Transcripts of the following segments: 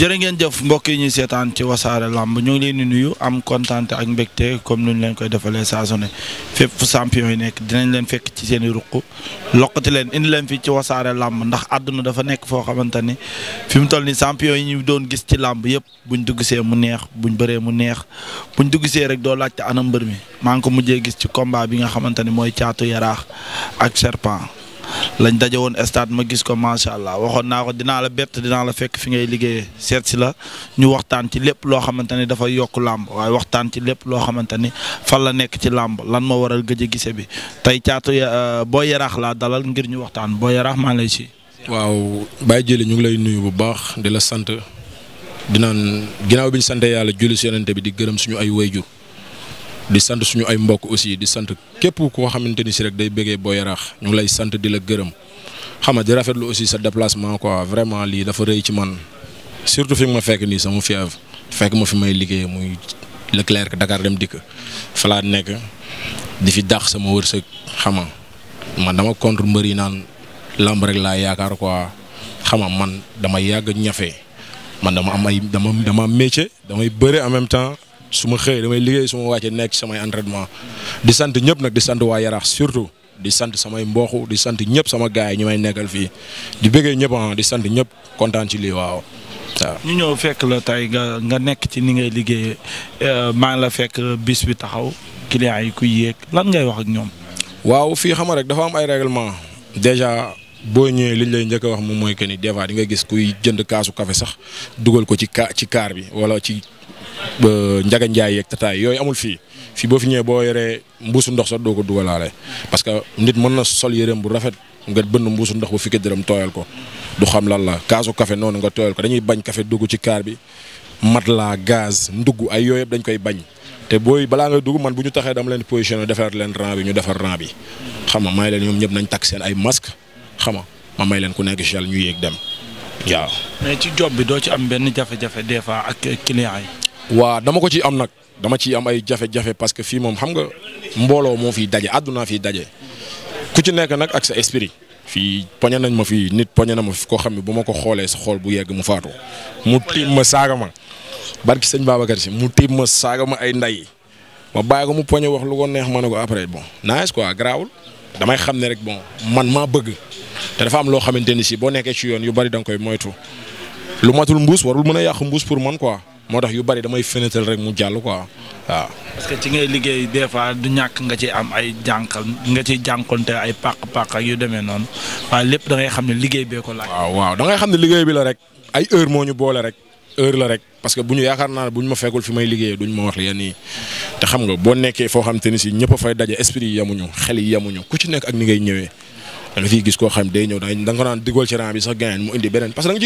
jërë ngeen jëf mbokk yi ñuy seetaan ci wasaare làmb ñoo ngi leen di nuyu am kontaan ak mbégte comme ni ñu leen koy defalee saa su ne fu champion yi nekk dinañ leen fekk ci seen i ruq loqati leen indi leen ci wasaare làmb ndax àdduna dafa nekk foo xamante ni fi mu toll ni champion yi ñu doon gis ci làmb yëpp buñ dugg see mu neex buñ bëree mu neex buñ dugg see rek doo laajte ana mbër mi maa ngi ko mujjee gis ci combat bi nga xamante ni mooy caatu yaraax ak serpent lañ daje woon stade ma gis ko macha allah waxoon naa ko dinaa la bett dinaa la fekk fi ngay liggéeyee seet si la ñu waxtaan ci lépp loo xamante ni dafa yokk làmb waaye waxtaan ci lépp loo xamante ni fan la nekk ci làmb lan moo waral gëj a gise bi tey caatu euh, boo yaraax laa dalal ngir ñu waxtaan boo yaraax maa lay si. waaw Baye Jëli ñu ngi lay nuyu bu baax di la sant di naan bi ñu sant yàlla julli si yonente bi di gërëm suñu ay wayjur di sant suñu ay mbokk aussi di sant képp koo xamante ni si rek day bëggee Boy Yaraax ñu lay sant di la gërëm xam nga di rafetlu aussi sa déplacement quoi vraiment lii dafa rëy ci man surtout fi ma fekk nii sama fièvre fekk ma fi may liggéey muy Leclerc Dakar dem dikk fa laa nekk di fi dàq sama wërsëg xam nga man dama contre mbër yi naan lamb rek laa yaakaar quoi xam nga man dama yàgg ñafe man dama am ay dama dama métier damay bëre en même temps. su ma xëyee damay liggéey su ma wàccee nekk samay entraînement di sant ñëpp nag di sant waa Yaraax surtout di sant samay mbooxu di sant ñëpp sama gaay yi ñu may nekkal fii di bëggee ñëpp ah, di sant ñëpp kontaan ci lii waaw. waaw ñu ñëw fekk la tey nga nga nekk ci ni ngay liggéeyee euh, maa ngi la fekk bis bi taxaw clients ay ku yéeg lan ngay wax ak ñoom. waaw fii xam rek dafa am ay règlement déjà boo ñëwee liñ lay njëkk wax moom mooy que ni des fois di nga gis kuy jënd kaasu café sax dugal ko ci ka ci kaar bi wala ci njaga njaay yeeg tataay yooyu amul fii fii boo fi ñëwee boo yoree mbuusu ndox sax doo ko dugalaale parce que nit mën na sol yëreem bu rafet nga bënn mbuusu ndox bu fi dërëm tooyal ko du xam lan la kaasu kafe noonu nga tooyal ko dañuy bañ kafe dugg ci kaar bi mat laa gaz ndugg ay yooyu yëpp dañ koy bañ te booy balaa ngay dugg man bu ñu taxee dama leen positionné defar leen bi ñu defar rang bi xam leen ñoom ñëpp nañ takk seen ay masque xam nga ma may leen ku nekk gel ñu yëg dem waaw. mais ci job bi doo ci am benn jafe-jafe des fois ak client yi. waa dama ko ci am nag dama ci am ay jafe-jafe parce que fii moom xam nga mbooloo moo fi daje àdduna fiy daje ku ci nekk nag ak sa esprit. fii poñe nañ ma fii nit poñe na ma fi koo xam ne bu ma ko xoolee sa xool bu yegg mu faatu mu tiim ma saaga ma barki sëñ Babacar si mu tiim ma saaga ma ay nday ma bàyyi ko mu poñe wax lu ko neex ma ne ko après bon nice quoi garaawul damay xam ne rek bon man maa bëgg te dafa am loo xamante ni si boo nekkee ci yoon yu bari da nga koy moytu lu matul mbuus warul mën a yàq mbuus pour man quoi moo tax yu bari damay fenêtre rek mu jàll quoi waaw. parce que ci ngay liggéey bee fois du ñàkk nga ci am ay jànqal nga ciy jànkonte ay pàq-pàq ak yu demee noonu waaye lépp dangay xam ne liggéey bee ko laaj. waaw waaw da ngay xam ne liggéey bi la rek ay heure moo ñu boole rek. heure la rek parce que bu ñu yaakaar naa ne bu ñu ma fekkul fi may liggéeyee duñ ma wax yenn yi te xam nga boo nekkee foo xam te ni si ñëpp a fay daje esprit yi yamuñu xel yamuñu ku ci nekk ak ni ngay ñëwee da fi gis koo xam day ñëw da nga ko naan digal ci rang bi sax ganeen mu indi beneen parce que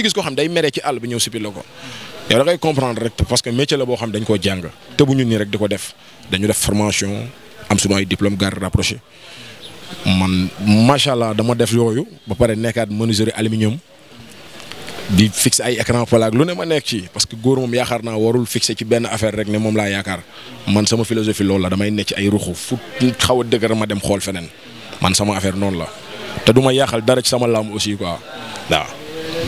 da nga ciy comprendre rek parce que métier la boo xam dañ koo jàng te bu ñu nii rek di ko def dañu def formation am suñu ay diplôme garde rapproché man macha allah dama def yooyu ba pare nekkaat menuiserie aluminium di fixe ay écran plat lu ne ma nekk ci parce que góor moom yaakaar naa warul fixé ci benn affaire rek ne moom laa yaakaar man sama philosophie loolu la damay nekk ci ay ruxu fu xaw a dëgër ma dem xool feneen man sama affaire noonu la te du ma yàqal dara ci sama làmb aussi quoi waaw.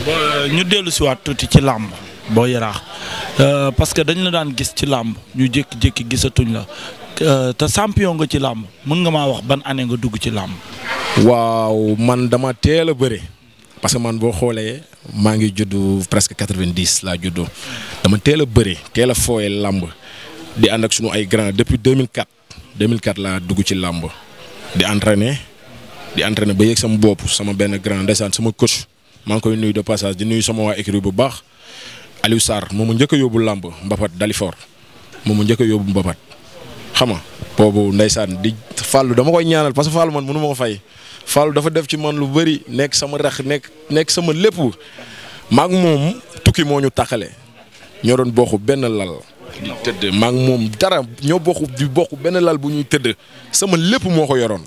Euh, ñu dellu si waat tuuti ci làmb boo yaraax euh, parce que dañ la daan gis ci làmb ñu jékki-jékki gisatuñ la euh, te champion nga ci làmb mën nga maa wax ban année nga dugg ci làmb. waaw man dama teel a bëri parce que man boo xoolee maa ngi juddu presque quatre-vingt-dix laa juddoo dama teel a bëre teela a fooye làmb di ànd ak sunu ay grand depuis 2004 2004 laa dugg ci làmb di entraîner di entraîner ba yegg sama bopp sama benn grand ndeysaan sama coach maa ngi koy nuyu de passage di nuyu sama waa écurie bu baax Aliou Sarr moomu njëkk yóbbu làmb Mbapat Dalifor moo moomu njëkk yóbbu Mbapat xam nga boobu ndeysaan di fàllu dama koy ñaanal parce que fàllu man mënu ma ko fay. Fallou dafa def ci man lu bëri nekk sama rax nekk nekk sama lépp maag moom tukki moo ñu taxale ñoo doon bokk benn lal. tëdd maag moom dara ñoo bokk di bokk benn lal bu ñuy tëdd sama lépp moo ko yoroon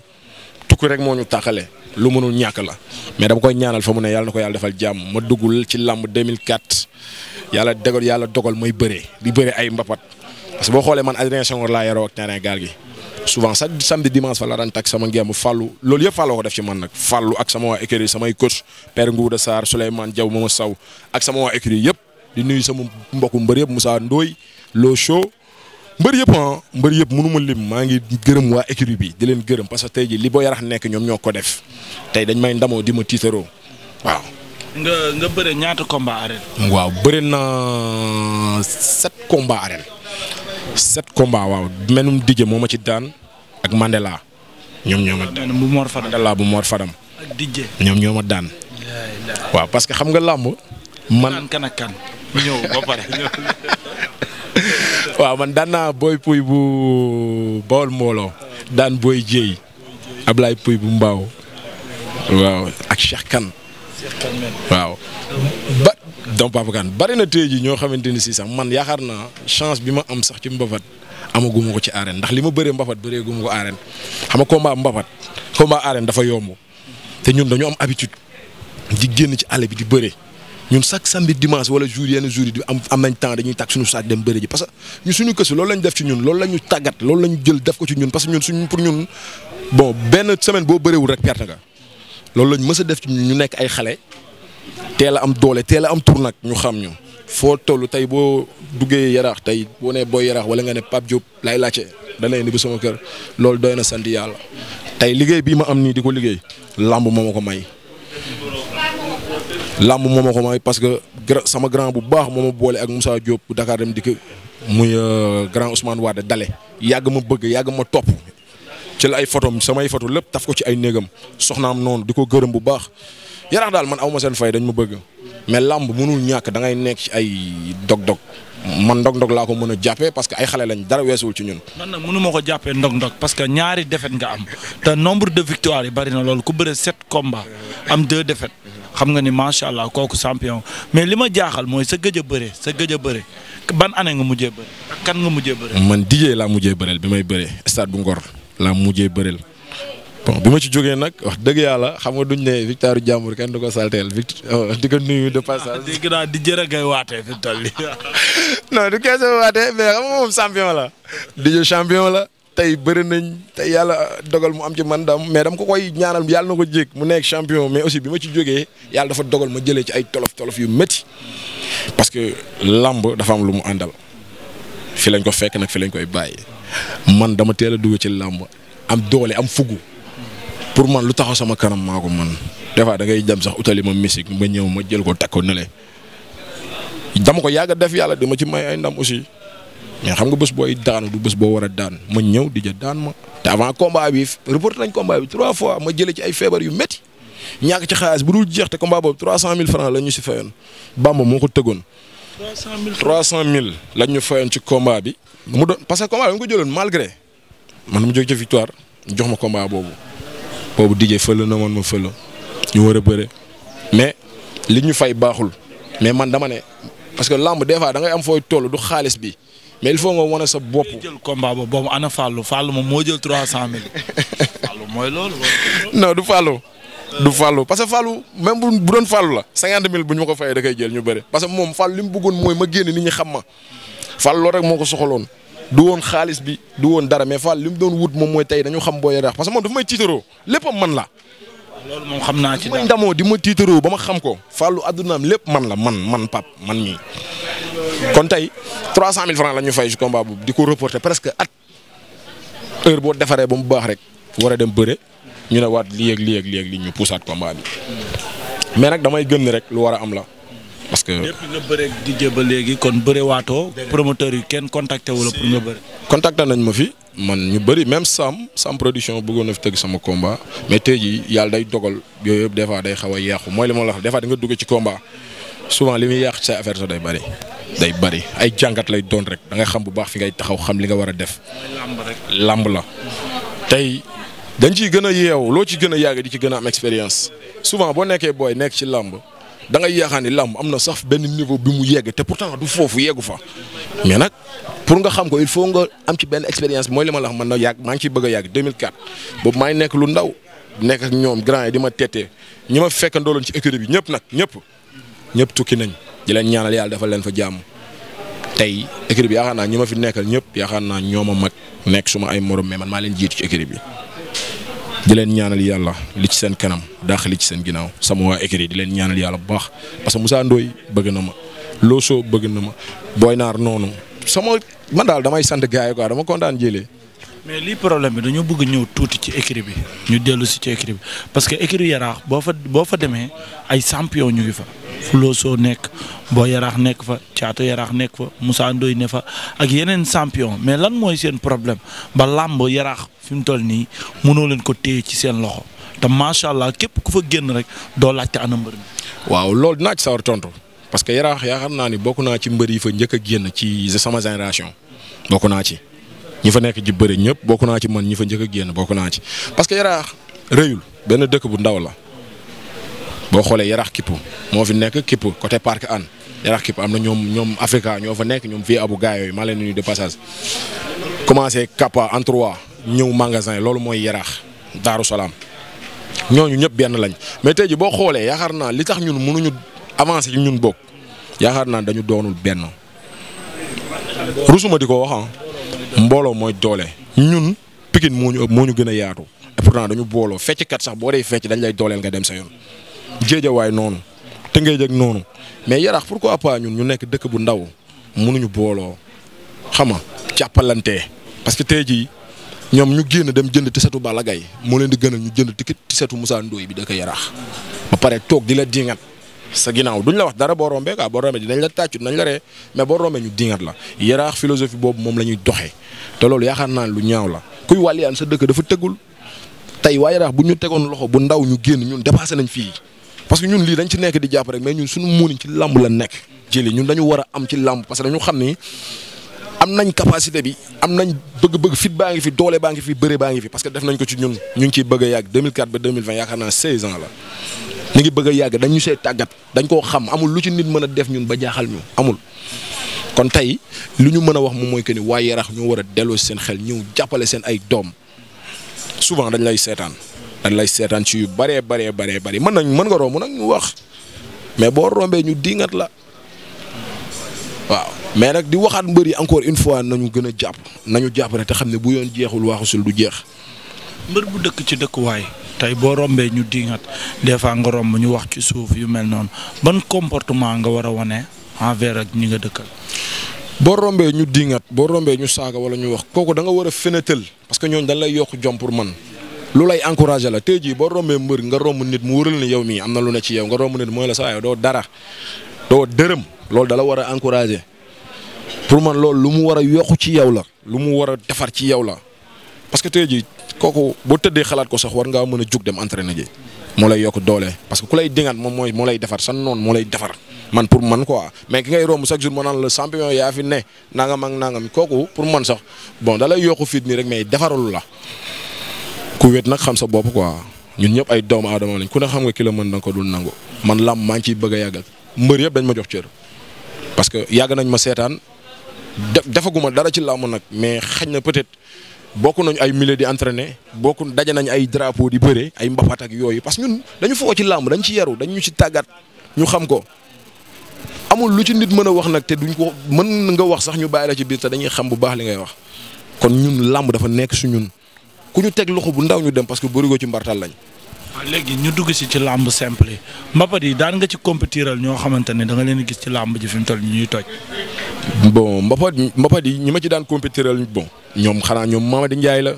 tukki rek moo ñu taxale lu mënul ñàkk la mais dama koy ñaanal fa mu ne yàlla na ko yàlla defal jàmm ma duggul ci làmb 2004 yàlla dogal yàlla dogal may bëree bi bëre ay mbapat parce boo xoolee man Adrien Senghor laa yaroo ak terrain gi. souvent chaque samedi dimanche fa la daan takk sama ngemb fàllu loolu yëpp fàlloo ko def ci man nag fàllu ak sama waa écurie samay coach Père Ngouda Sarr Souleymane Diaw Mama Saw ak sama waa écurie yëpp di nuyu sama mbokku mbër yëpp Moussa Ndoye Lo Show mbër yëpp ah, mbër yëpp mënu ma lim maa ngi gërëm waa écurie bi di leen gërëm parce que tey ji li boo yarax nekk ñoom ñoo ko def tey dañ may ndamoo di ma tiitaroo waaw. nga nga ñaata combat arène. waaw bëre na set combat arène. sept combats waaw menum dijje moo ma ci daan ak Mandela ñoom ñoo daan bu Mor Fadam Mandela ak dijje ñoom ñoo ma daan. waaw parce que xam nga làmb. man kan ak kan ñëw ba pare. man daan naa booy puy bu Bawol mbooloo daan booy jéey Ablaye puy bu mbaaw waaw ak Cheikh Kane waaw donc Papa Kane bari na tey jii ñoo xamante ni si sax man yaakaar naa chance bi ma am sax ci mbapat amaguma ko ci arène ndax li ma bëree mbapat bëree guma ko arène xam ma combat mbapat combat arène dafa yomb te ñun dañu am habitude di génn ci àll bi di bëre ñun chaque samedi dimanche wala jour yenn jour yi di am am nañ temps dañuy tàgg suñu saaj dem bëri ji parce que suñu kësu loolu lañ def ci ñun loolu lañu ñu loolu la ñu jël def ko ci ñun parce que suñ pour ñun bon benn semaine boo bëreewul rek perte nga loolu lañ mës a def ci ñu nekk ay xale teel a am doole teel a am tur nag ñu xam ñu foo toll tey boo duggee yaraax tey boo nee booy yaraax wala nga ne Pape Diop lay laajte da lay ni bu kër loolu doy na sant yàlla tey liggéey bii ma am nii di ko liggéey làmb moo ma ko may. làmb moo ko may parce que sama grand bu baax moo ma boole ak Moussa bu Dakar dem dikk muy euh, grand Ousmane Wade dale yàgg ma bëgg yàgg ma topp ci la ay photom samay photo lépp taf ko ci ay néegam soxnaam noonu di ko gërëm bu baax. yaraax daal man aw ma seen fay dañ ma bëgg mais làmb mënul ñàkk da ngay nekk ci ay dog-dog man ndog-ndog laa ko mën a jàppee parce que ay xale lañ dara weesuwul ci ñun. man na mënu ko jàppee ndog-ndog parce que ñaari défaite nga am te nombre de victoire yi bari na loolu ku bëre sept combats am deux défaites xam nga ni macha allah kooku champion mais li ma jaaxal mooy sa gëj a bëre sa gëj a bëre ban année nga mujjee bëre kan nga mujjee bëre. man dijee laa mujjee bëreel bi may bëree stade bu Ngor laa mujjee bon bi ma ci jógee nag wax dëgg yàlla xam nga duñ ne victoire jàmbur kenn du ko salteel victoire euh, di ko nuyu de passage. dégg di jërë ngay waatee fi toll nii non du kees la. di champion la. tey bëri nañ tey yàlla dogal mu am ci man dam mais dama ko koy ñaanal yàlla na ko jéeg mu nekk champion mais aussi bi ma ci jógee yàlla dafa dogal ma jëlee ci ay tolof tolof yu métti parce que làmb dafa am lu mu àndal fi lañ ko fekk nag fi lañ koy bàyyi man dama teel a dugg ci làmb am doole am fugu pour man lu taxaw sama kanam maa ko man des fois da ngay dem sax utali ma musique ma ñëw ma jël ko teg ko ne dama ko yàgg def yàlla di ma ci may ay ndam aussi mais xam nga bës booy daanu du bés boo war a daan ma ñëw di ja daan ma. te avant combat bi reporté nañ combat bi trois fois ma jëlee ci ay feebar yu métti ñàkk ci xaalis bu dul jeex te combat boobu trois cent mille francs la ñu si fayoon Bamba moo ko tëggoon. trois cent mille trois cent mille lañ ñu fayoon ci combat bi. mu doon parce que combat bi ma ko jëloon malgré man mu jóg ci victoire jox ma combat boobu. boobu DJ fële na woon ma fële ñu war a bëre mais li ñu fay baaxul mais man dama ne parce que làmb des fois da am fooy toll du xaalis bi mais il faut nga wane sa bopp. jël combat ba boobu ana Fallou Fallou moom moo jël trois cent mille. Fallou mooy loolu. du Fallou. du Fallou parce que Fallou même bu doon Fallou la cinquante mille bu ñu ma ko fayee da koy jël ñu bëri parce que moom Fallou li mu bëggoon mooy ma génn nit ñu xam ma Fallou loolu rek moo ko soxaloon du woon xaalis bi du woon dara mais Fall li doon wut moom mooy tey dañu xam booy yaraax parce que moom dafa may tiitaroo léppam man la. loolu moom xam naa ci dara di ma tiitaroo ba xam ko Fallou addunaam lépp man la man man pap man mii. kon tey 300000 francs la ñu fay ci combat boobu di ko reporter presque at heure boo defaree ba mu baax rek war a dem bëre ñu ne waat lii ak li ak lii ak ñu pusaat combat bi mais nag damay gëm ni rek lu war a am la. parce que depuis nga bëree DJ ba léegi kon bërewaatoo promoteur yi kenn contacté wu la pour nga bëri. contacté nañ ma fi man ñu bëri même Sam Sam production bëggoon na fi tëgg sama combat mais tey jii yàlla day dogal yooyu yëpp fois day xaw a yeexu mooy li ma la wax des fois di nga dugg ci combat souvent li muy yàq ci say affaire sax day bëri. day bëri ay jàngat lay doon rek da nga xam bu baax fi ngay taxaw xam li nga war a def. làmb rek làmb la. tey dañ ciy gën a yeew loo ci gën a yàgg di ci gën a am expérience souvent boo nekkee booy nekk ci làmb. da ngay yaakaar ni am na sax benn niveau bi mu yegg te pourtant du foofu yeggu fa mais nag pour nga xam ko il faut nga am ci benn expérience mooy li ma la man na yàgg maa ngi ciy bëgg a yàgg 2004 boobu maa nekk lu ndaw nekk ñoom grand yi di ma tettee ñi ma fekk ndooloon ci écurie bi ñëpp nag ñëpp ñëpp tukki nañ di leen ñaanal yàlla defal leen fa jàmm tey écurie bi yaakaar naa ñi ma fi nekkal ñëpp yaakaar naa ñoom a mag nekk suma ay morom mais man maa leen jiitu ci écurie bi di leen ñaanal yàlla li ci seen kanam daax li ci seen ginnaaw sama waa écrit di leen ñaanal yàlla bu baax parce que Moussa Ndoye bëgg na ma Loso bëgg na ma Boy Naar noonu sama man daal damay sant gars yi quoi dama kontaan jëlee mais lii problème bi dañoo bëgg ñëw tuuti ci écurie bi ñu dellu si ci écurie bi parce que écurie yaraax boo fa boo fa demee ay sampion ñu ngi fa Fuloo Soo nekk boo yaraax nekk fa caato yaraax nekk fa Moussa Ndoye ne fa ak yeneen champion mais lan mooy seen problème ba làmb yaraax fi mu toll nii mënoo leen ko téye ci seen loxo te macha allah képp ku fa génn rek doo laajte ana mbër mi. waaw loolu dinaa sawar tontu parce que yaraax yaa xam naa ni bokk naa ci mbëri yi fa njëkk a génn ci sama génération bokk naa ci. ñi fa nekk ji bëri ñëpp bokk naa ci man ñi fa njëkk a génn bokk naa ci parce que yaraax rëyul benn dëkk bu ndaw la boo xoolee yaraax kipp moo fi nekk kipp côté parc an yaraax kipp am na ñoom ñoom Africa ñoo fa nekk ñoom fii abu gaay yooyu maa leen nuyu de passage commencé Kappa en trois ñëw magasin loolu mooy yaraax Daaru Salaam ñooñu ñëpp benn lañ mais tey ji boo xoolee yaakaar naa li tax ñun mënuñu avancer ci ñun bokk yaakaar naa dañu doonul benn rusuma di ko ah. mbooloo mooy doole ñun Pikine moo ñu moo ñu gën a yaatu et pourtant dañu booloo kat sax boo dee fecc dañ lay dooleel nga dem sa yoon jéejawaay noonu te ngay jeg noonu mais yaraax pourquoi pas ñun ñu nekk dëkk bu ndaw mënuñu booloo xam nga jàppalante parce que tey jii ñoom ñu génn dem jënd tisetu Balla Gaye moo leen di gën a ñu jënd ticket tisetu Moussa Ndoye bi dëkk yaraax ba pare toog di la diingat sa ginnaaw duñ la wax dara boo rombee quoi boo rombee dinañ la tàccu dinañ la ree mais boo rombee ñu dingat la yaraax philosophie boobu moom la ñuy doxee te loolu yaakaar naa lu ñaaw la kuy wàlliyaan sa dëkk dafa tëggul tey waa yaraax bu ñu tegoon loxo bu ndaw ñu génn ñun dépassé nañ fii parce que ñun lii dañ ci nekk di jàpp rek mais ñun suñu muuniñ ci làmb la nekk jëli ñun dañu war a am ci làmb parce que dañu xam ni am nañ capacité bi am nañ bëgg-bëgg fit baa ngi fi fi bëre baa ngi fi ñu ngi ciy bëgg a yàgg la mi ngi bëgg a yàgg dañ ñu see tàggat dañ koo xam amul lu ci nit mën a def ñun ba jaaxal ñu amul. kon tey lu ñu mën a wax moom mooy que ni waaye Yarax ñoo war a delloo seen xel ñëw jàppale seen ay doom souvent dañ lay seetaan dañ lay seetaan ci yu bëree bëree bëree bëri mën nañ mën nga romb nag ñu wax mais boo rombee ñu diingat la waaw mais nag di waxaat mbër yi encore une fois nañu gën a jàpp nañu jàpp rek te xam ne bu yoon jeexul waaxusul du jeex. mbër bu dëkk ci dëkkuwaay. tey boo rombee ñu diŋat des fois nga romb ñu wax ci suuf yu mel noonu ban comportement nga war a wane envers ak ñi nga dëkkal. boo rombee ñu diŋat boo rombee ñu saaga wala ñu wax kooku da nga war a fenetal parce que ñooñu dañ lay yokk jom pour man lu lay encouragé la tey jii boo rombee mbër nga romb nit mu wëral ni yow mii am na lu ne ci yow nga romb nit mooy la sa waaye doo dara doo dërëm loolu dala war a encouragé pour man loolu lu mu war a yokk ci yow la lu mu war a defar ci yow la. parce que tey jii kooku boo tëddee xalaat ko sax war ngaa mën a jug dem entraîner ji moo lay yokk doole parce que ku lay dingaat moom mooy moo lay defar sa noon moo lay defar man pour man ko mais ki ngay romb chaque jour ma naan la champion yaa fi ne nangam ak kooku pour man sax bon da lay yokk fit nii rek mais defaralu la ku wet nag xam sa bopp quoi ñun ñëpp ay doomu aadama lañ ku ne xam nga kilo la mën da ko dul nangu man lam maa ngi ciy bëgg a mbër yëpp dañ ma jox cër parce que yàgg nañ ma seetaan defaguma dara ci làmb nag mais xañ na peut-être bokk nañu ay milieu di entraîner bokk daje nañ ay drapeau di bëre ay mbapat ak yooyu parce que ñun dañu foo ci làmb dañ ci yaru dañ ñu ci tàggat ñu xam ko amul lu ci nit mën a wax nag te duñ ko mën nga wax sax ñu bàyyi la ci biir te dañuy xam bu baax li ngay wax kon ñun làmb dafa nekk su ñun ku ñu teg loxo bu ndaw ñu dem parce que bëri ko ci mbartal lañ. waaw léegi ñu dugg si ci làmb simple yi mbapat yi daan nga ci compétiral ñoo xamante ne da leen gis ci làmb ji fi mu toll ñuy toj. bon mbapat mbapat yi ñi ma ci daan compétiral bon ñoom xanaa ñoom Mamadi Ndiaye la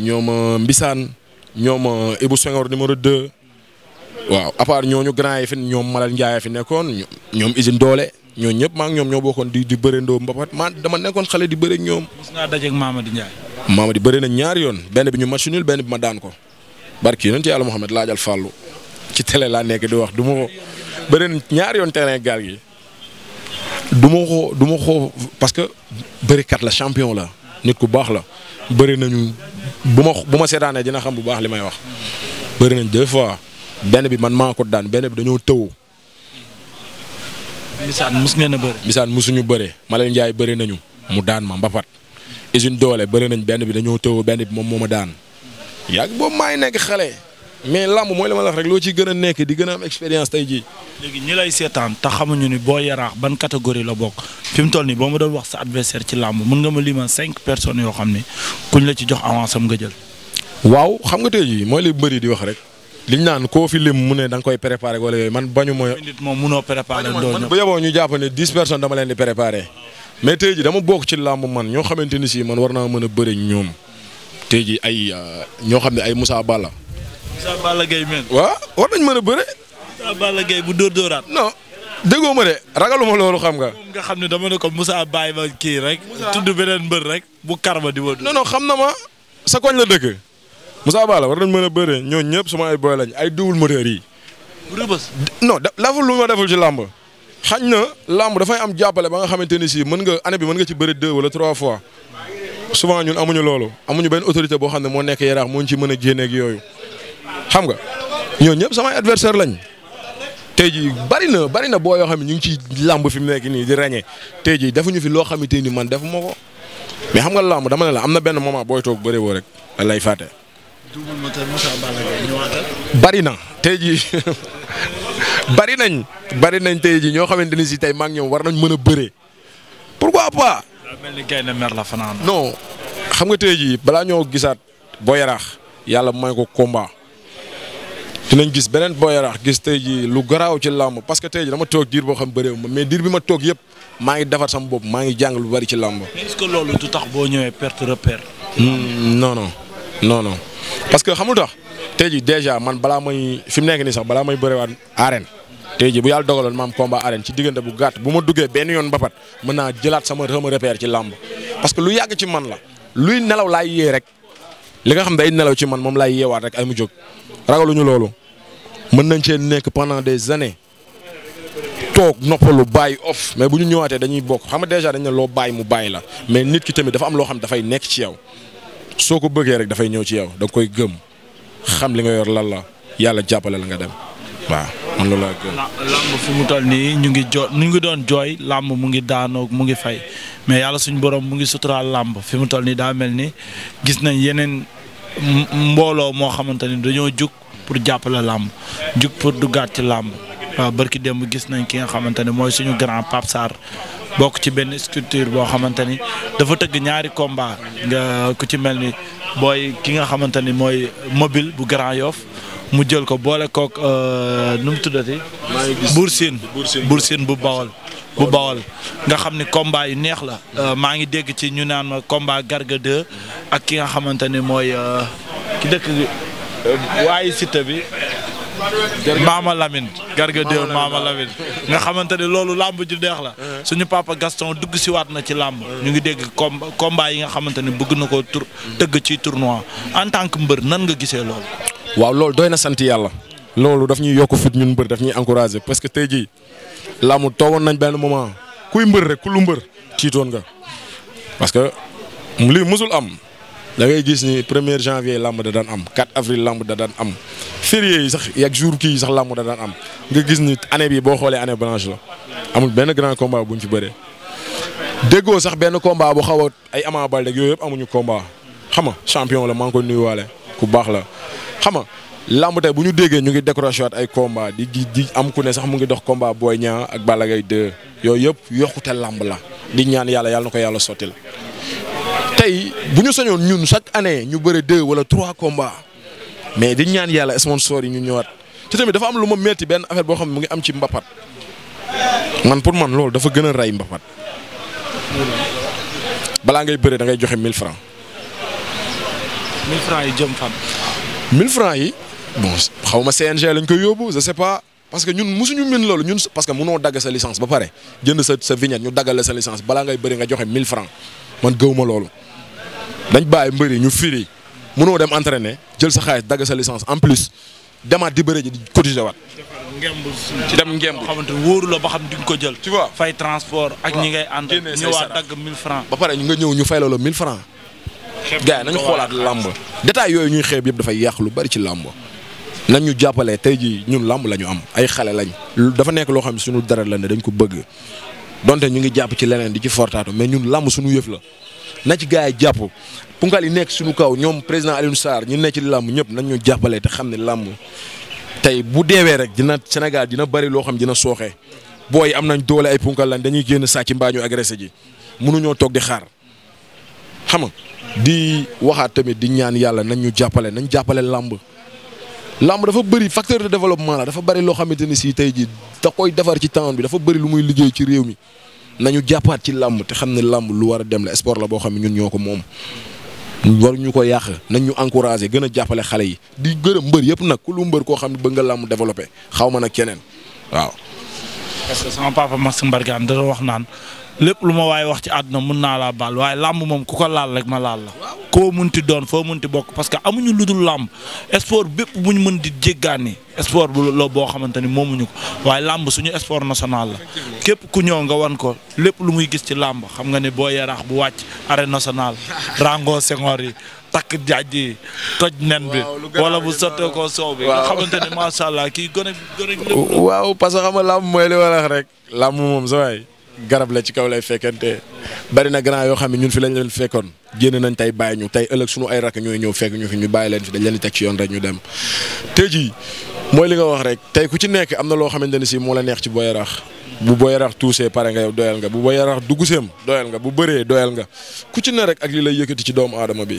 ñoom euh, Mbisaan ñoom euh, Ibou Senghor numéro 2 waaw à part ñooñu grand yi fi ñoom Malal Ndiaye fi nekkoon ñoom usine doole ñoo ñëpp maa ñoom ñoo bokkoon di di bërendoo mbapat man dama nekkoon xale di bëre ñoom. gis naa dajeeg Mamadi Ndiaye. Mamadi bëri na ñaari yoon benn bi ñu match nul benn bi ma daan ko. barki yonent yàlla Muhammad laajal fàllu ci tele laa nekk di wax du ma ko bëri na ñaari yoon terrain gaal gi du ma ko du ma parce que bërikat la champion la nit ku baax la bëri nañu bu ma bu ma seetaanee dina xam bu baax li may wax. bëri nañ deux fois benn bi man maa ko daan benn bi dañoo tëw. bisaan mus ngeen a bëri. bisaan musuñu bëri Malal Ndiaye bëri nañu mu daan ma mbapat usine doole bëri nañ benn bi dañoo tëw benn bi moom moo ma daan. yàgg boobu maay nekk xale. mais lamb mooy la ma la wax rek loo ci gën a nekk di gën a am expérience tey jii. léegi ñi lay seetaan te xamuñu ni boo Yaraax ban catégorie la bokk fi mu toll nii boo ma doon wax sa adversaire ci lamb mën nga ma limal cinq personnes yoo xam ne kuñ la ci jox avance am nga jël. waaw xam nga tey ji mooy li bëri di wax rek. liñ naan koo fi lim mu ne da nga koy préparé wala yooyu man bañu ma. nit moom munoo préparé man bu yeboo ñu jàpp ne dix personnes dama leen di préparé mais tey jii dama bokk ci làmb man ñoo xamante ni si man war naa mën a bëri ñoom tey jii ay euh, ñoo xam ne ay Moussa Balla. Moussa Balla Gueye men waaw war nañ mën a bëre. Moussa Balla Gueye bu dóor dóoraat. non déggoo ma de ragaluma loolu xam nga. moom nga xam ne dama ne ko bàyyi ma kii rek. tudd beneen mbër rek bu karma di wër. non xam na ma sa koñ la dëkk. Moussa baala war nañ mën a bëre ñoo ñëpp suma ay boy lañ ay double moteur yi. no non deful lu ma deful ci làmb. xañ na làmb dafay am jàppale ba nga xamante ni si mën nga année bi mën nga ci bëre deux wala trois fois souvent ñun amuñu loolu amuñu benn autorité boo xam ne moo nekk yaraax moo ñu ci mën a génneeg yooyu xam nga ñoo ñëpp samay adversaire lañ tey jii bari na bari na boo yoo xam ne ñu ngi ci làmb fi mu nekk nii di ràññee tey jii defuñu fi loo xamante ni man defuma ko mais xam nga làmb dama ne la am na benn moment booy toog bëree woo rek lay fàtte. bari na tey jii bari nañ bari nañ tey jii ñoo xamante ni si tey maa ngi ñoom war nañ mën a bëree pourquoi pas. mel ni gaynde mer la fanaan non xam nga tey jii balaa ñoo gisaat boo Yaraax yàlla may ko combat nañ gis beneen Boy Yaraax gis tey jii lu garaaw ci làmb parce que tey jii dama toog diir boo xam bëree ma mais diir bi ma toog yëpp maa ngi defar sama bopp maa ngi jàng lu bari ci làmb. mais est-ce que loolu du tax boo ñëwee perte repère. Hmm, non parce que xamul tax tey jii déjà man balaa may fi mu nekk nii sax balaa may bëriwaat arène. tey ji bu yàlla dogaloon ma am combat arène ci diggante bu gàtt bu ma duggee benn yoon mbapat mën naa jëlaat sama sama repère ci làmb parce que lu yàgg ci man la luy nelaw laay yee rek li nga xam day nelaw ci man moom laay yeewaat rek ay mu jóg ñu loolu mën nañ cee nekk pendant des années toog noppalu bàyyi off mais bu ñu ñëwaatee dañuy bokk xam nga déjà dañ loo bàyyi mu bàyyi la mais nit ki tamit dafa am loo xam dafay nekk ci yow soo ko bëggee rek dafay ñëw ci yow da koy gëm xam li nga yor lan la yàlla jàppale la nga dem. waaw man làmb fu mu toll nii ñu ngi jo ñu ngi doon jooy làmb mu ngi daanoog mu ngi fay mais yàlla suñu borom mu ngi suturaal làmb fi mu toll nii daa mel ni gis nañ yeneen mbooloo moo xamante ni dañoo jug pour jàppale làmb jug pour du duggaat ci làmb waaw barki démb gis nañ ki nga xamante ne mooy suñu grand Pape Sarr bokk ci benn structure boo xamante ni dafa tëgg ñaari combat nga ku ci mel ni booy ki nga xamante ni mooy mobile bu Grand Yoff mu jël ko boole kook euh, nu mu tuddati. Bour Sine Bour Sine bu Bawol. bu Bawol nga xam ni combat yu neex la. Euh, maa ngi dégg ci ñu naan ma combat Garga ak ki nga xamante ni mooy euh, ki dëkk waaye site bi. Maama Lamine Garga 2 Maama Lamine nga xamante ne loolu lamb ju neex la uh-huh. suñu papa Gaston dugg si na ci làmb uh-huh. ñu ngi dégg com combat yi nga xamante ne bëgg na ko tur tëgg ci tournoi en tant que mbër nan nga gisee loolu waaw loolu dooy na sant yàlla loolu daf ñuy yokk fit ñun mbër daf ñuy encouragé parce que tey jii laamu toogoon nañ benn moment kuy mbër rek ku lu mbër tiitoon nga parce que lii musul am da ngay gis ni premier janvier làmb da daan am 4 avril làmb da daan am férié yi sax yak jour ki sax làmb da daan am nga gis ni année yi boo xoolee année blanche la amul benn grand combat bu ñu fi bëree déggoo sax benn combat bu xaw a ay Ama Baldé yooyu yëpp amuñu combat xam nga champion la maa ngi koy nuyuwaale ku baax la xam nga làmb tey bu ñu déggee ñu ngi décroché ay combat di di am ku ne sax mu ngi dox combat booy Niang ak Balla Gaye 2 yooyu yëpp yokkute làmb la di ñaan yàlla yàlla na ko yàlla sottil la tey bu ñu sañoon ñun chaque année ñu bëre deux wala trois combats mais di ñaan yàlla sponsor yi ñu ñëwaat te tamit dafa am lu ma metti benn affaire boo xam ne mu ngi am ci mbapat man pour man loolu dafa gën a rey mbapat balaa ngay bëre dangay joxe 1000 francs yi jëm fan 1000 francs yi bon xaw ma CNG lañ koy yóbbu je sais pas parce que ñun mosuñu min loolu ñun parce que mënoo dagg sa licence ba pare jënd sa vignette ñu daggal la sa licence balaa ngay bëri nga joxe 1000 francs man gëw ma loolu. dañ bàyyi mbëri ñu firi mënoo dem entraîner jël sa xaalis dagg sa licence en plus demaat di bëri ji di cotiser waat. ci dem ngemb xamante ni wóoru la ba xam di nga ko jël. ci vois fay transport ak ñi ngay ànd. ñëwaat dagg 1000 francs ba pare nga ñëw ñu fay la 1000 gars yi nañu xoolaat làmb détail yooyu ñuy xeeb yëpp dafay yàq lu bari ci làmb nan ñu jàppalee tey jii ñun làmb la ñu am ay xale lañ dafa nekk loo xam ne suñu dara la ne dañ ko bëgg donte ñu ngi jàpp ci leneen di ci fortaatu mais ñun làmb suñu yëf la na ci gars yi jàpp punkal yi nekk suñu kaw ñoom président Alioune Sarr ñu ne ci làmb ñëpp nañ ñu jàppalee te xam ne làmb tey bu deewee rek dina Sénégal dina bari loo xam dina sooxee booy am nañ doole ay punkal lañ dañuy génn sàcc mbaa ñu agressé ji mënuñoo toog xaar xam di waxaat tamit di ñaan yàlla nañ ñu jàppale nañ jàppale làmb làmb dafa bëri facteur de développement la dafa bari loo xamante ni si tey ji te koy defar ci temps bi dafa bëri lu muy liggéey ci réew mi nañu jàppaat ci làmb te xam ne làmb lu war a dem la sport la boo xam ne ñun ñoo ko moom war ñu ko yàq nañ ñu encouragé gën a jàppale xale yi di gërëm mbër yëpp nag ku lu mbër koo xam ne bëgg nga làmb développé xaw ma nag keneen waaw. parce sama papa Max Mbargane da doon wax naan lépp lu ma waaye wax ci àdduna mun naa laa baal waaye làmb moom ku ko laal rek ma laal la koo munti doon foo munti bokk parce que amuñu lu dul làmb sport bépp bu ñu mën di jéggaani sport bu loo boo xamante ni moomuñu ko waaye làmb suñu sport national la képp ku ñëw nga wan ko lépp lu muy gis ci làmb xam nga ne boo yaraax bu wàcc arène nationale rango senghor yi takk jaaj yi toj nen bi wala bu sottee ko soow bi nga xamante ne macha allah kii gone gone waaw parce que xam nga làmb mooy li rek làmb moom sa garab la ci kaw lay fekkente bari na grand yoo xam ne ñun fi lañ leen fekkoon génn nañ tey bàyyi ñu tey ëllëg suñu ay rakk ñooy ñëw fekk ñu fi ñu bàyyi leen fi dañ leen di teg ci dem. tey jii mooy li nga wax rek tey ku ci nekk am na loo xamante ne si moo la neex ci Boy Yaraax bu Boy Yaraax tuusee pare nga yow nga bu Boy Yaraax dugg seem doyal nga bu bëree doyal nga ku ci ne rek ak li lay yëkkati ci doomu aadama bi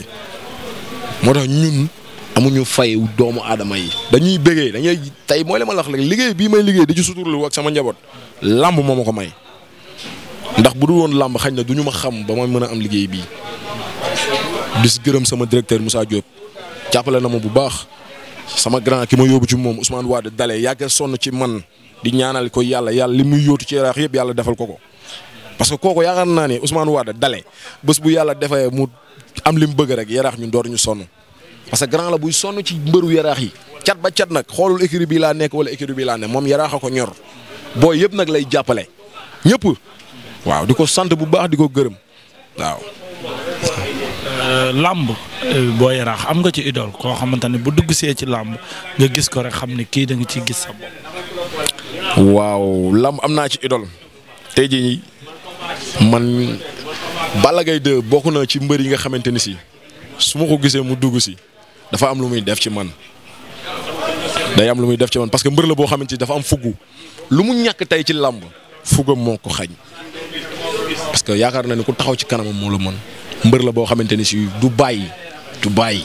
moo tax ñun amuñu fay doomu aadama yi dañuy bëggee dañuy tey mooy li ma lax wax liggéey bii may liggéey di ci suturlu ak sama njaboot lamb moom ma ko may ndax bu du woon làmb xañ na du ñu ma xam ba ma mën a am liggéey bii bis gërëm sama directeur Moussa Diop jàppale na ma bu baax sama grand ki ma yóbbu ci moom Ousmane Wade Dale yàgg sonn ci man di ñaanal ko yàlla yàlla li muy yóotu ci yëpp yàlla defal ko ko. parce que kooku yaakaar naa ne Ousmane Wade Dale bés bu yàlla defee mu am li mu bëgg rek yaraax ñun dootuñu sonn parce que grand la buy sonn ci mbëru yaraax yi. cat ba cat nag xoolul écurie bi laa nekk wala écurie bi laa ne moom yaraax a ko ñor booy yëpp nag lay jàppale ñëpp waaw di ko sant bu baax di ko gërëm waaw. Euh, làmb euh, boo yaraax am nga ci idole koo xamante ne bu dugg see ci làmb nga gis ko rek xam ne kii da nga ciy gis sa waaw làmb am naa ci idol tey jii man Balla Gaye 2 bokk na ci mbër yi nga xamante ni si su ma ko gisee mu dugg si dafa am lu muy def ci man day am lu muy def ci man parce que mbër la boo xamante ni dafa am fugg lu mu ñàkk tey ci làmb fuggam moo ko xañ. parce que yaakaar na ni ku taxaw ci kanamam moo la mën mbër la boo xamante ni si du bàyyi du bàyyi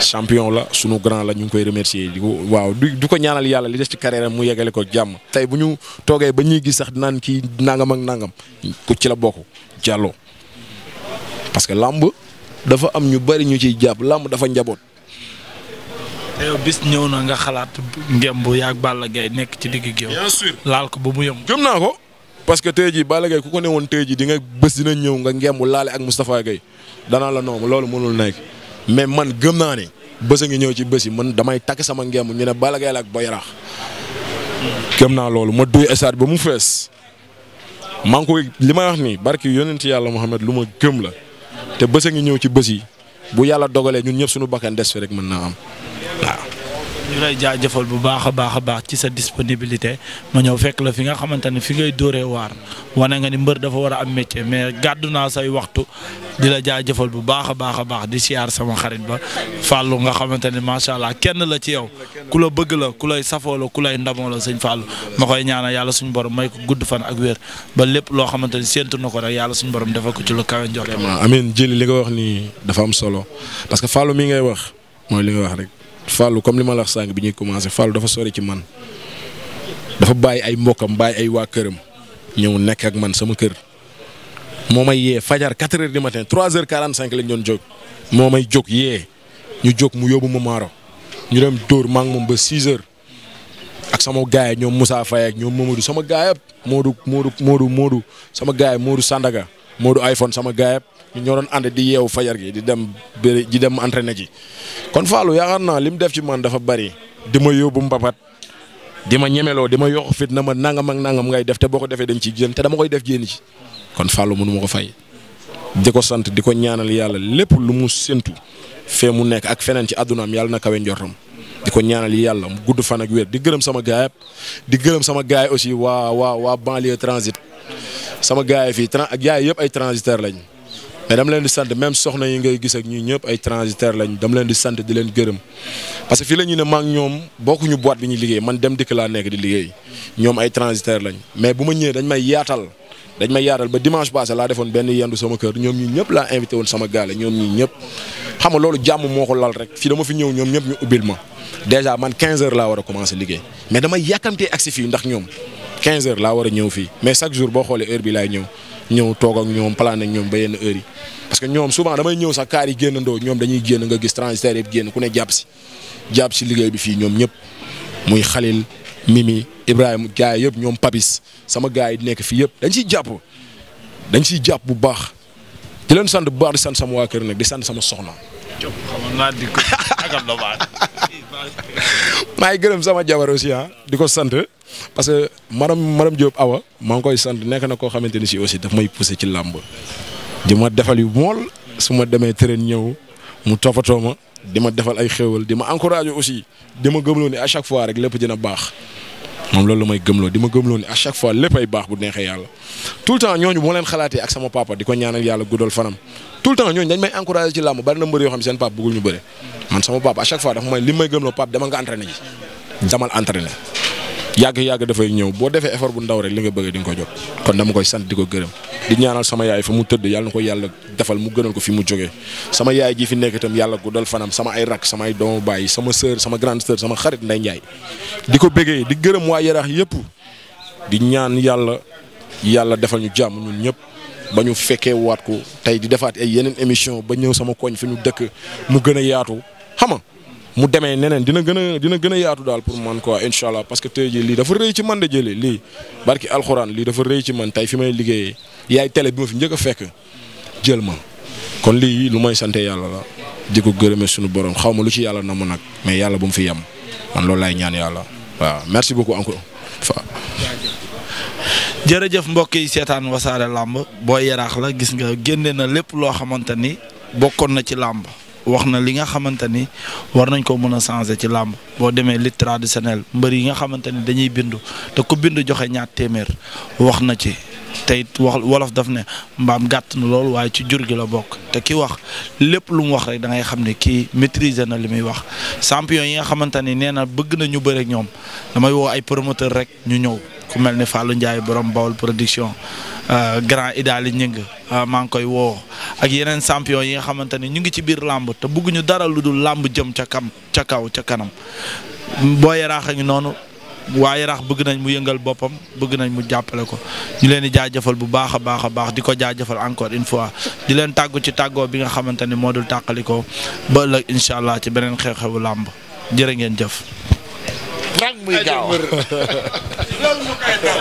champion la sunu grand la ñu ngi koy remercier di ko waaw du ko ñaanal yàlla li des ci carrière mu yegale ko jàmm. tey bu ñu toogee ba ñuy gis sax dinaan ki nangam ak nangam ku ci la bokk jàlloo parce que làmb dafa am ñu bari ñu ciy jàpp làmb dafa njaboot. yow bis ñëw na nga xalaat ngemb yaag Balla Gaye nekk ci digg géew. bien sûr laal ko ba mu yëm. naa ko. parce que tey jii Balla ku ko ne woon tey jii di nga bés dina ñëw nga ngemb laale ak Moustapha Gueye danaa la noom loolu mënul nekk mais man gëm naa ne bés a ngi ñëw ci bës yi man damay takk sama ngemb ñu ne Balla Gaye ak Boy Yaraax gëm naa loolu ma duy stade ba mu fees maa ngi koy li may wax nii barki yonent yàlla Muhammad lu ma gëm la te bés a ngi ñëw ci bës yi bu yàlla dogalee ñun ñëpp suñu bakkan des fi rek mën naa am waaw. ñu lay jëfal bu baax a baax a baax ci sa disponibilité ma ñëw fekk la fi nga xamante ne fi ngay dóoree waar wane nga ni mbër dafa war a am métier mais gàddu naa say waxtu di la jëfal bu baax a baax a baax di siyaar sama xarit ba Fallou nga xamante ne macha allah kenn la ci yow ku la bëgg la ku lay safoo la ku lay ndamoo la sëñ Fallou moo koy ñaanal yàlla suñu borom may ko gudd fan ak wér ba lépp loo xamante ni séentu na ko rek yàlla suñu borom dafa ko ci lu kawe njort. vraiment li nga wax nii dafa am solo parce que Fallou mi ngay wax mooy li nga wax rek. Fallou comme li ma la wax bi ñuy commencé Fallou dafa sori ci man dafa bàyyi ay mbokkam bàyyi ay waa këram ñëw nekk ak man sama kër moo may yee fajar 4 heures du matin 3 heures 45 lañ doon jóg moo may jóg yee ñu jóg mu yóbbu ma maaro ñu dem dóor maa moom ba 6 heures ak sama gaay yi ñoom Moussa Faye ak ñoom Mamadou sama gaay yëpp Modou Modou Modou Modou sama gaay yi Modou Sandaga Modou iPhone sama gaay ñu ñoo doon ànd di yeewu fajar gi di dem bëri di dem entraîné ji kon Fallou yaakaar naa li mu def ci man dafa bari di ma yóbbu mbapat di ma ñemeloo di ma yokk fit na ma nangam ak nangam ngay def te boo ko defee dañ ci jën te dama koy def jéen ci kon Fallou mënu ma ko fay di ko sant di ko ñaanal yàlla lépp lu mu séntu fee mu nekk ak feneen ci àddunaam yàlla na kawen njortam di ko ñaanal yàlla mu gudd fan ak wér di gërëm sama gaay di gërëm sama gaay aussi waa waa waa banlieue transit sama gaay fii tran ak gaay yëpp ay transitaire lañ mais dama leen di sant même soxna yi ngay gis ak ñi ñëpp ay transitaire lañ dama leen di sant di leen gërëm parce que fii la ñu ne maa ñoom bokkuñu boîte bi ñuy liggéey man dem dikk laa nekk di liggéey ay transitaire lañ mais bu ma ñëwee dañ may yaatal dañ may yaatal ba dimanche passé laa defoon benn yendu sama kër ñoom ñi ñëpp laa invité woon sama gaale ñoom ñi ñëpp xam nga loolu jàmm moo ko lal rek fii dama fi ñëw ñoom ñëpp ñu ubbil ma déjà man 15 heures laa war a commencer liggéey mais damay yàkkamtee agsi fii ndax ñoom 15 heures laa war a ñëw fii mais chaque jour boo xoolee heure bi laay ñëw ñëw toog ak ñoom plan ak ñoom ba yenn heure yi parce que ñoom souvent damay ñëw sax kaar yi génnandoo ñoom dañuy génn nga gis transitaire yëpp génn ku ne jàpp si liggéey bi fii ñoom ñëpp muy Xalil Mimi Ibrahima gars yëpp ñoom pabis sama gars yi nekk fii yëpp dañ ciy jàpp dañ ciy jàpp bu baax di leen sant bu baax di sant sama waa kër nag di sant sama soxna maa ngi gërëm sama jabar aussi ah di ko sant parce que maram madame Diop Awa maa ngi koy sant nekk na koo xamante ni si aussi daf may poussé ci làmb di ma defal yu mool su ma demee terrain ñëw mu toppatoo ma di ma defal ay xéwal di ma encouragé aussi di ma gëmloo ni à chaque fois rek lépp dina baax. moom loolu may gëmloo di ma gëmloo ni à chaque fois lépp ay baax bu neexee yàlla tout le temps ñooñu moo leen xalaatee ak sama papa di ko ñaanal yàlla guddal fanam tout le temps ñooñu dañ may encouragé ci làmb bari na mbër yoo xam seen papa bëggul ñu bëre man sama papa à chaque fois dafa may li may gëmloo papa dama nga entraîné ji damal entraîné yàgg-yàgg dafay ñëw boo defee effort bu ndaw rek li nga bëgg di ko jot kon dama koy sant di ko gërëm di ñaanal sama yaay fa mu tëdd yàlla na ko yàlla defal mu gënal ko fi mu jógee sama yaay ji fi nekk itam yàlla guddal fanam sama ay rak sama ay doomu baay sama sœur sama grande sœur sama xarit Ndeye Ndiaye di ko bëggee di gërëm waa Yaraax yëpp di ñaan yàlla yàlla defal ñu jàmm ñun ñëpp ba ñu fekkee waat ko tey di defaat ay yeneen émission ba ñëw sama koñ fi ñu dëkk mu gën a yaatu xam mu demee neneen dina gën a dina gën yaatu daal pour man quoi incha allah parce que tey lii dafa rëy ci man de jëlee lii barki alxuraan lii dafa rëy ci man tey fi may liggéeyee yaay tele bi ma fi njëkk a fekk jël ma kon lii lu may sante yàlla la di ko gërëme sunu borom xaw ma lu ci yàlla na mu nag mais yàlla bu mu fi yem man loolu laay ñaan yàlla waa merci beaucoup encore jërëjëf mbokk yi seetaan wasaare làmb boo yaraax la gis nga génne na lépp loo xamante ni bokkoon na ci làmb wax na li nga xamante ni war nañ koo mën a changer ci làmb boo demee lutte traditionnelle mbër yi nga xamante ni dañuy bindu te ku bindu joxe ñaat téeméer wax na ci tey wax wolof daf ne mbaam gàtt na lool waaye ci jur gi la bokk te ki wax lépp lu mu wax rek da ngay xam ne kii maîtriser na li muy wax champion yi nga xamante ni nee na bëgg na ñu bëre ñoom damay woo ay promoteur rek ñu ñëw ku mel ni Fallou Ndiaye borom Bawol production Euh, grand Idaly Gningue euh, maa ngi koy woo ak yeneen champion yi nga xamante ne ñu ngi ci biir làmb te ñu dara lu dul làmb jëm ca kam ca kaw ca kanam boo yaraax a ngi noonu waa yaraax bëgg nañ mu yëngal boppam bëgg nañ mu jàppale ko ñu leen di jaajëfal bu baax a baax a baax di ko jaajëfal encore une fois di leen tàggu ci tàggoo bi nga xamante ne moo dul tàqalikoo ba ëllëg incha allah ci beneen xew-xewu làmb jërë ngeen jëf. rang muy gaaw